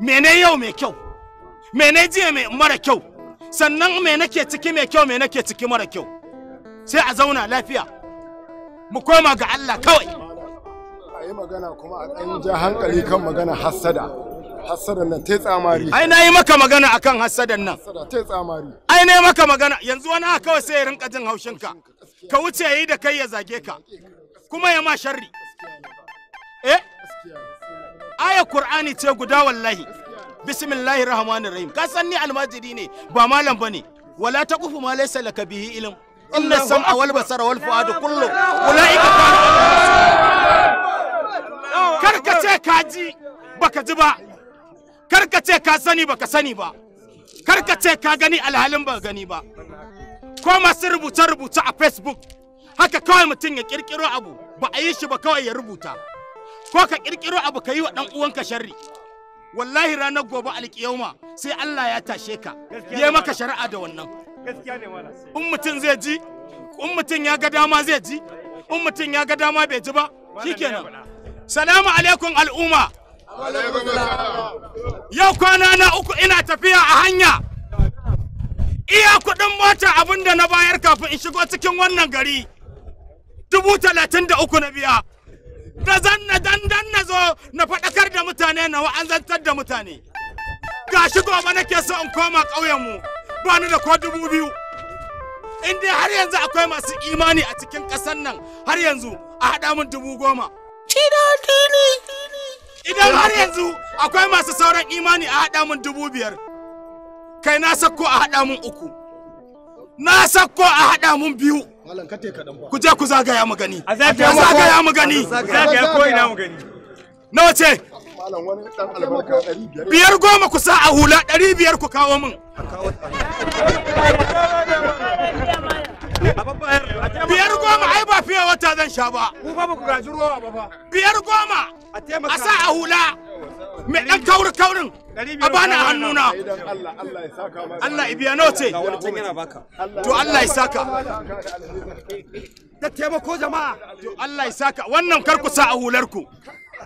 mene yau mai kyau mene jiya mai mara kyau sannan me nake ciki mai kyau me nake ciki mara kyau sai a zauna lafiya mu koma ga Allah kawai a yi magana kuma a ɗan ja hankali kan magana hassada hassadan nan te tsamari ai na yi maka magana akan hassadan nan te tsamari ai na yi maka magana yanzu wani haka kawai sai ya rinka jin haushin ka ka wuce yi da kai ya zage ka kuma ya ma sharri eh aya qur'ani ce guda wallahi bismillahir rahmanir rahim ka san ni almajiri ne ba malam bane wala taqufu ma laysa laka bihi ilm inna sam'a wal basara wal fu'ada kullu ulaika kana kar ka ce ka ji baka ji ba kar ce ka sani baka sani ba kar ce ka gani alhalin ba gani ba ko masu rubuce rubuce a facebook haka kawai mutum ya kirkiro abu ba a yi shi ba kawai ya rubuta ko ka kirkiro abu ka yi wa dan uwanka sharri wallahi ranar gobe alkiyama sai Allah ya tashe ka ya maka shari'a da wannan gaskiya ne in mutum zai ji in mutum ya ga dama zai ji in mutum ya ga dama bai ji ba shikenan salamu alaikum al'umma yau kwana na uku ina tafiya a hanya iya kuɗin mota abin da na bayar kafin in shigo cikin wannan gari dubu talatin da uku na biya da zanna dandan na zo na faɗakar da mutane na wa'anzantar da mutane ga shigo gobe nake so in koma ƙauyenmu ba da ko dubu biyu in dai har yanzu akwai masu imani a cikin ƙasar nan har yanzu a haɗa min dubu goma idan har yanzu akwai masu sauran imani a haɗa min dubu biyar kai na sakko a haɗa min uku na sakko a haɗa min biyu ku je ku zagaya mu gani a zagaya mu gani zagaya ko ina mu gani ce biyar goma ku sa a hula ɗari biyar ku kawo min biyar goma ai ba fiye wata zan sha ba biyar goma a sa a hula mai ɗan kauri kaurin a bani a hannuna Allah ya biya ce to Allah ya saka da taimako jama'a to Allah ya saka wannan kar ku sa a hularku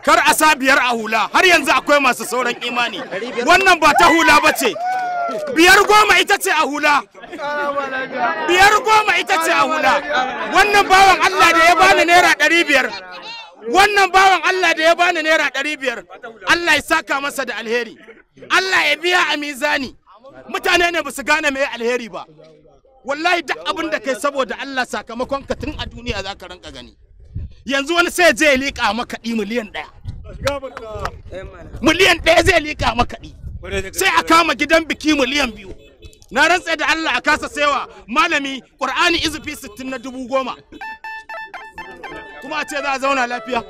kar a sa biyar a hula har yanzu akwai masu sauran imani wannan ba ta hula ba ce biyar goma ita ce a hula biyar goma ita ce a hula wannan bawan Allah da ya bani naira ɗari biyar wannan bawan Allah da ya bani naira ɗari biyar Allah ya saka masa da alheri Allah ya biya a mizani mutane ne ba su gane mai alheri ba wallahi duk abin da kai saboda Allah sakamakon ka tun a duniya za ka ranka gani yanzu wani sai je ya liƙa maka ɗi miliyan ɗaya miliyan ɗaya zai liƙa maka ɗi sai a kama gidan biki miliyan biyu na rantsa da Allah a kasa saiwa malami ƙur'ani izufi sittin na dubu goma kuma a ce za a zauna lafiya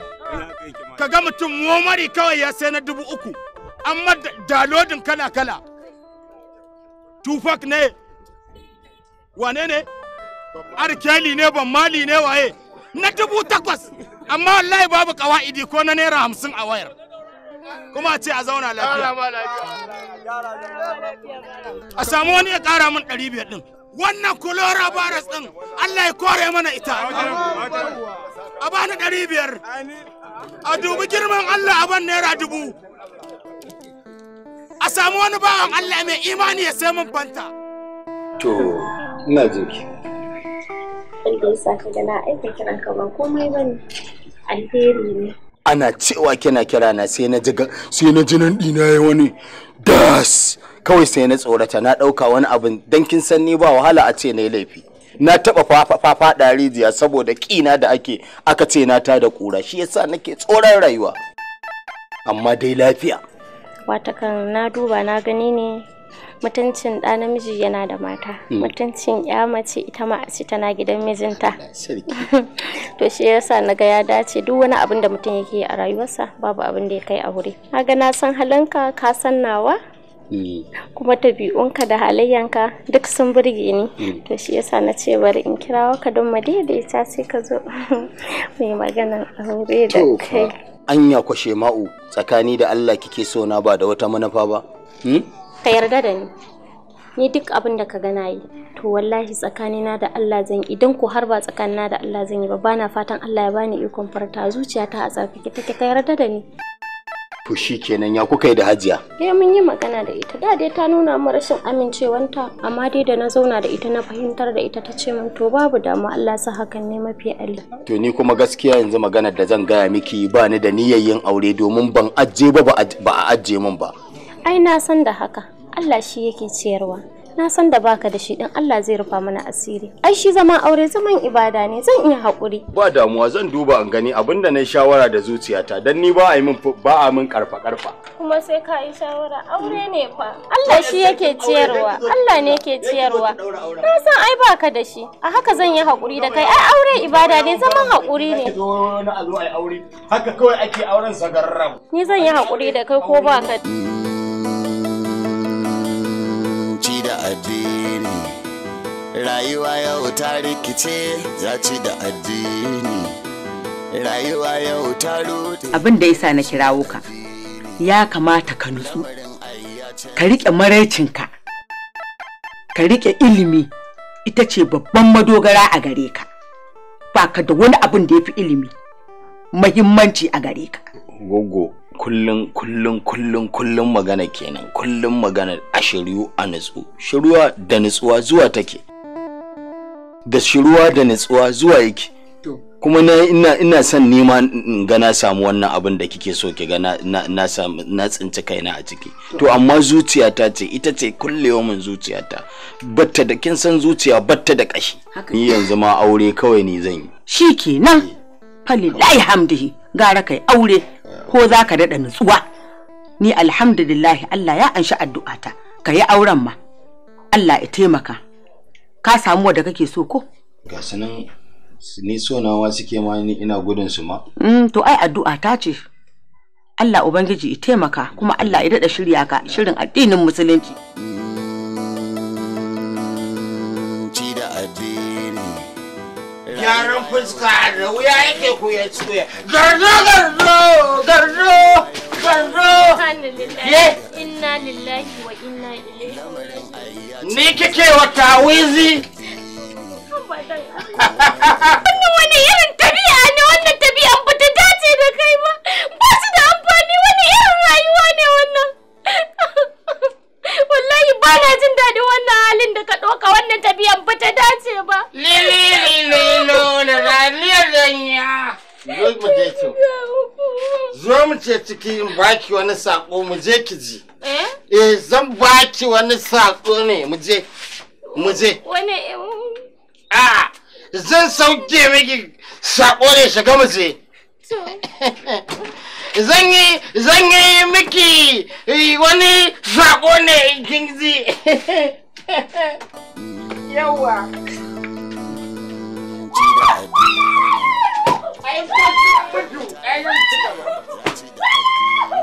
ka ga mutum momari kawai ya sai na dubu uku amma dalodin kala kala tufak ne wane ne arkeli ne ban mali ne waye na dubu takwas amma wallahi babu kawa'idi ko na naira hamsin a wayar kuma ce a zauna lafiya a samu wani ya kara min ɗari biyar ɗin wannan kulora baras ɗin allah ya kore mana ita a bani ɗari biyar a dubi girman allah a ban naira dubu a samu wani bawan allah mai imani ya sai min fanta to ina jinki Alkai sa ka gana aikin kiran ka ba komai bane alheri ne ana cewa kina kira na sai na jiga sai na jinan dina yayi wani das kawai sai na tsorata na ɗauka wani abin dan kin san ni ba wahala a ce na laifi na taba fada rijiya saboda ƙina da ake aka ce na ta da kura shi yasa nake tsoron rayuwa amma dai lafiya kan na duba na gani ne mutuncin ɗa namiji yana da mata hmm. mutuncin ya mace ita ma ce tana gidan mijinta to shi yasa na ga ya dace duk wani abin da mutum yake a rayuwarsa babu abin da ya kai aure kaga na san halinka ka san nawa hmm. kuma tabi'unka da halayyanka duk sun burge ni hmm. to shi yasa na ce bari in kirawa ka don madaidaita sai ka zo mai maganan aure da kai anya kwashe ma'u tsakani da Allah kike so na ba da wata manufa ba ka yarda da ni ni duk abin da ka gana yi to wallahi tsakanina da Allah zan idan ko har ba tsakanina da Allah zan yi ba bana fatan Allah ya bani ikon farta zuciyata a tsarkake take ka yarda da ni to shikenan ya kuka yi da hajiya eh mun yi magana da ita da dai ta nuna min rashin amincewanta amma dai da na zauna da ita na fahimtar da ita ta ce min to babu damu Allah sa hakan ne mafi ali to ni kuma gaskiya yanzu maganar da zan gaya miki ba ni da niyyar yin aure domin ban ajje ba ba a ajje min ba ai na san da haka Allah shi yake ciyarwa na san da baka da shi din Allah zai rufa mana asiri ai shi zama aure zaman ibada ne zan iya haƙuri ba damuwa zan duba an gani abinda na shawara da zuciyata dan ni ba a yi min ba a min karfa karfa kuma sai ka yi shawara aure ne fa Allah shi yake ciyarwa Allah ne yake ciyarwa na san ai baka da shi a haka zan yi haƙuri da kai ai aure ibada ne zaman haƙuri ne zo na ai aure haka kawai ake auren sagarram ni zan yi haƙuri da kai ko baka da addini rayuwa yau ta rikice ci da addini rayuwa yau ta abin da yasa na kirawo ka ya kamata ka nutsu ka rike maraicinka ka rike ilimi ita ce babban madogara a gare ka ba ka da wani abin da ya fi ilimi mahimmanci a gare ka. Gogo, kullum kullum kullum kullum magana kenan kullum magana a shiryu a nutsu shiruwa da nutsuwa zuwa take da shiruwa da nutsuwa zuwa yake kuma na ina ina son nema ga na samu wannan abin da kike so ki ga na na samu na tsinci kaina a ciki to amma zuciyata ce ita ce kullewa min zuciyata batta da kin san zuciya batta da kashi ni yanzu ma aure kawai ni zan yi shikenan lillahi hamdihi gara kai aure ko za ka daɗa nutsuwa ni alhamdulillahi Allah ya anshi addu'ata ka yi auren ma Allah ya taimaka ka samu wadda kake so ko ga sanan ni so nawa suke ma ni ina gudun su ma mm, to ai addu'a ce Allah ubangiji ya taimaka kuma Allah ya daɗa shirya ka shirin addinin musulunci ci da addini gyaran fuska da wuya yake koya tsuya garzo garzo garzo garzo inna lillahi wa inna ilaihi ni kike wata wizi ki baki wani sako mu je ki ji. Eh? Eh zan baki wani sako ne mu je. Mu je. Wani eh, um, um. Ah, zan sauke miki sako ne shiga mu je. Zan yi zan miki eh, wani sako ne kin ji. Yawa. ai,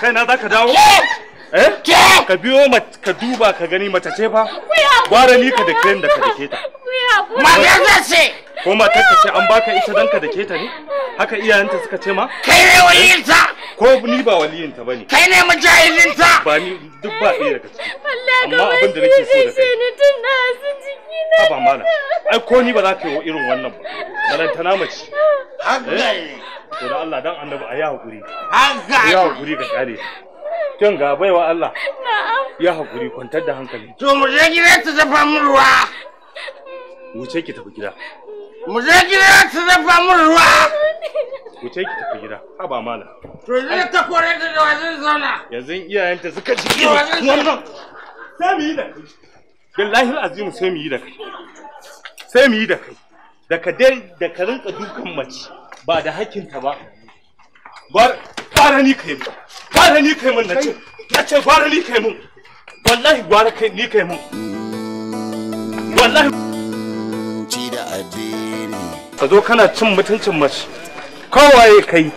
kaina za ka dawo? Eh? Ka biyo ka duba ka gani mace ce fa? Gwara ni ka da da ka dake ta. Ma ce? ko matar ta ce an baka ita danka da ke ta ne haka iyayenta suka ce ma kai ne waliyinta ko ni ba waliyinta bane kai ne mujahilinta ba ni duk ba ɗaya daga ciki amma abin da nake so da kai ni tun su jikina ba mana ai ko ni ba za ka yi irin wannan ba balanta na mace haka eh? ne to da Allah dan annabi a yi hakuri haka ya hakuri ka kare kin ga baiwa Allah ya hakuri kwantar da hankali to mu je gidan ta zafa mun ruwa wuce ki tafi gida Mu je gida su dafa mun ruwa. Ku ce ki tafi gida, ha ba mala. To yanzu ta kore ta da wajen zauna. Yanzu iyayenta suka ci wannan. Sai mu yi da kai. Billahi azim sai mu yi da kai. Sai mu yi da kai. Da ka dai da ka rinka dukan mace ba da hakinta ba. Bar fara ni kai. Fara ni kai mun nace. Nace gwara ni kai mun. Wallahi gwara kai ni kai mun. Wallahi ci da addini. ka zo kana cin mutuncin mace kowaye kai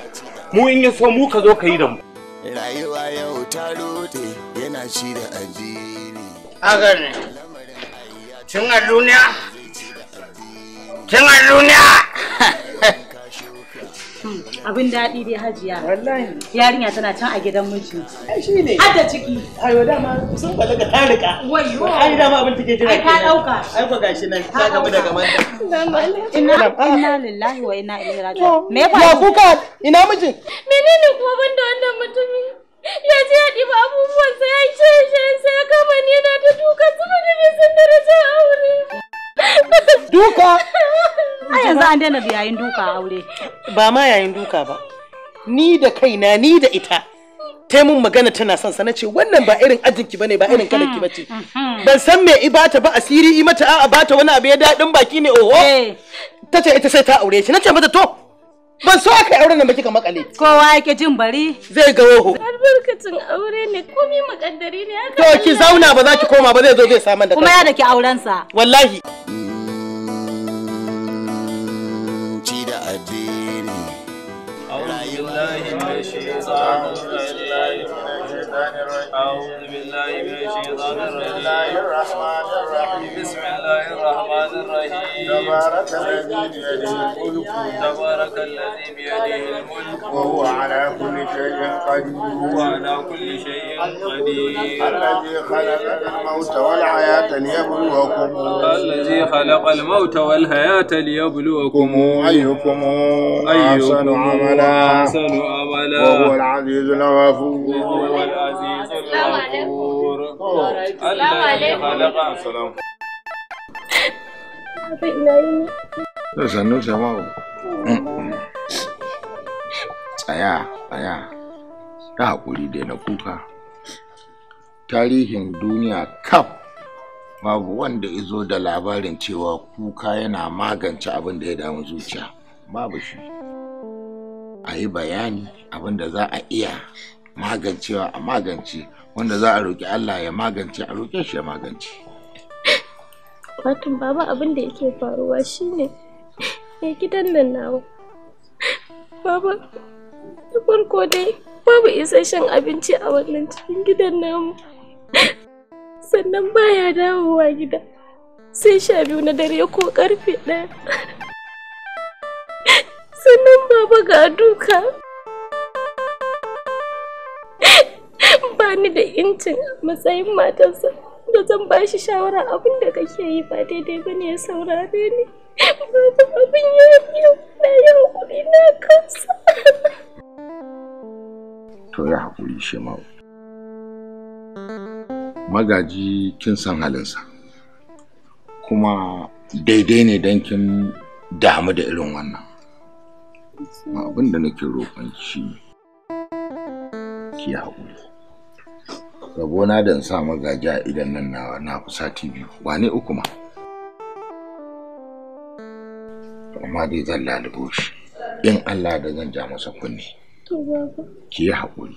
mu in yi so mu ka zo ka yi da mu rayuwa yau ta rute yana ci da ajiri haka cin a duniya cin a duniya abin daɗi dai hajiya wallahi yarinya tana can a gidan miji ai shine har da ciki ayo dama sun balaga ta rika wayo ai dama abin take jira ai ka dauka ai ko gashi nan ta gamu daga manta inna inna lillahi wa inna ilaihi raji'un me ya kuka ina miji menene kuma banda wannan mutumin ya ji ya ɗiba abubuwan sai ya ce shi ya kama ni na ta duka zuba da bai san darajar aure duka A yanzu an daina yayin duka aure. Ba ma yayin duka ba. Ni da kaina ni da ita. ta mun magana tana son sana ce wannan ba irin ajinki bane ba irin kalanki bace mm-hmm. Mm-hmm. ban san me i bata ba asiri i mata a'a bata wani abu ya dadin baki ne oho eh. ta ce ita sai ta aure shi nace mata to ban so aka auren nan ba kika makale kowa yake jin bari zai ga woho albarkacin aure ne komi makaddari ne to ki zauna ba za ki koma ba zai zo zai saman da kuma ya da ki auren sa wallahi بالله من الشيطان الرجيم الشيطان الرجيم أعوذ بالله من الشيطان الرجيم بسم الله الرحمن الرحيم بسم الله الرحمن الرحيم تبارك الذي بيده الملك تبارك الذي بيده الملك وهو على كل شيء قدير وهو على كل شيء قدير الذي خلق الموت والحياة ليبلوكم الذي خلق الموت والحياة ليبلوكم أيكم أحسن عملا أحسن عملا وهو العزيز الغفور العزيز الغفور الذي خلق tsaya ta haƙuri da na kuka tarihin duniya kaf babu wanda izo da labarin cewa kuka yana magance abin da ya damu zuciya babu shi a yi bayani abin da za a iya magancewa a magance wanda za a roƙi Allah ya magance a roƙe shi ya magance. Watan baba abin da yake faruwa shine ne gidan nan nawa. Baba, da farko dai babu isasshen abinci a wannan cikin gidan namu. Sannan baya dawowa gida. Sai sha biyu na dare ko karfe ɗaya. Sannan baba ga duka. bani da incin matsayin matarsa da zan ba shi shawara abin da kake yi ba daidai ba ne ya saurare ni ba abin ya yi na yi hakuri na kansa to ya hakuri shi ma magaji kin san halinsa kuma daidai ne don kin damu da irin wannan abin da nake roƙon shi ki hakuri rabona da in sa magaji a idan nan nawa na kusa tv wane uku ma amma dai zan lalubo shi in allah da zan ja masa kunne ki yi haƙuri